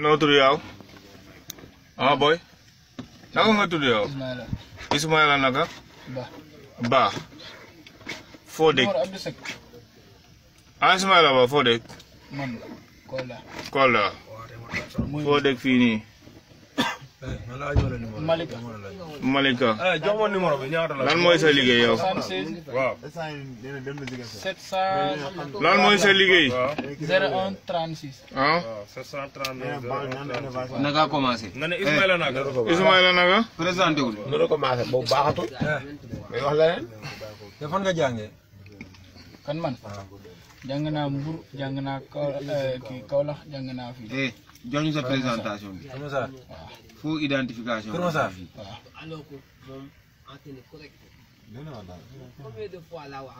noo tudd yow ah boy naka nga tudd yow Ismaila naka ba foo dëkk ah Ismaila ba foo dëkk Kolda foo dëkk fii nii Malika Malika. Eh, jox ma numéro bi ñaata la. lan mooy sa liggéey yow. waaw. 700. lan mooy sa liggéey. 01 36. ah. 739. na ngaa commencé. nga ne a Naga. Eh. Ismaïla Naga. présenté wu. nga commencé boobu baaxatul. mais eh. wax la leen. te fan nga jàngee. kan man. Ah. jàng naa Mbour jàng naa Kaw eh, kii Kaolack jàng naa fii. Eh,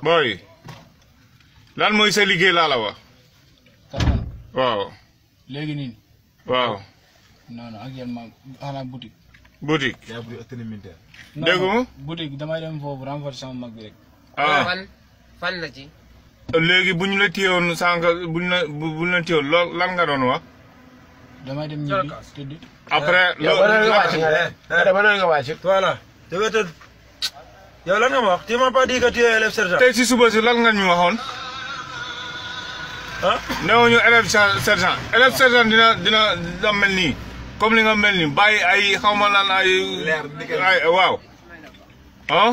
booy lan mooy sa liggéey laa la wax. waaw. léegi nii. waaw. non actuellement xanaa boutique. boutique. dégg nga. boutique damay dem foofu renforcer sama mag bi rek. ah léegi bu ñu la téyewoon sànq bu ñu la bu ñu lool lan nga doon wax. damay dem après eh, loolu eh, eh. nga wàcc voilà dafay tëdd yow lan nga ma si suba si lan nga ñu waxoon. ah. néew ñu élève sergent élève sergent dina dina dina mel nii comme li nga mel nii bàyyi ay xaw ay. leer ay waaw. ah.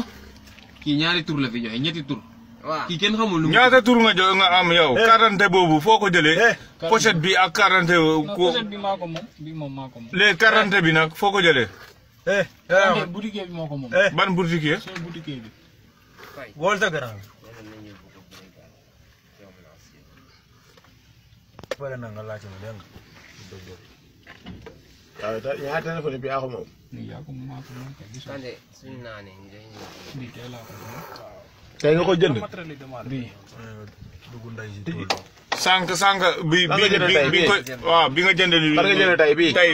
kii ñaari tur la fi joxe ñetti tur. nyata turun xamul lu ñaata tur nga jo nga am yow quarante eh. boobu foo ko jëlee eh. pochette bi ak quarante ko pochette bi maa ko bi eh. Ya. bi eh ya. bi ban boutiquier ya? boutiquier bi wol grand pare na nga bi tey na ko jënd bii. sànq sànq bi bi bi ko waaw bi nga jënd nii. fan nga jënd tey bii tey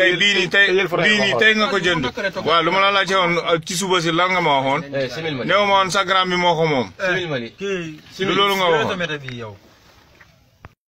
tey bii nii tey bii nii tey nga ko jënd. waaw lu ma la laajte woon euh, ci suba si lan nga ma waxoon. Eh, nee ma woon sa grand bi moo ko moom. du eh, eh, loolu nga waxoon.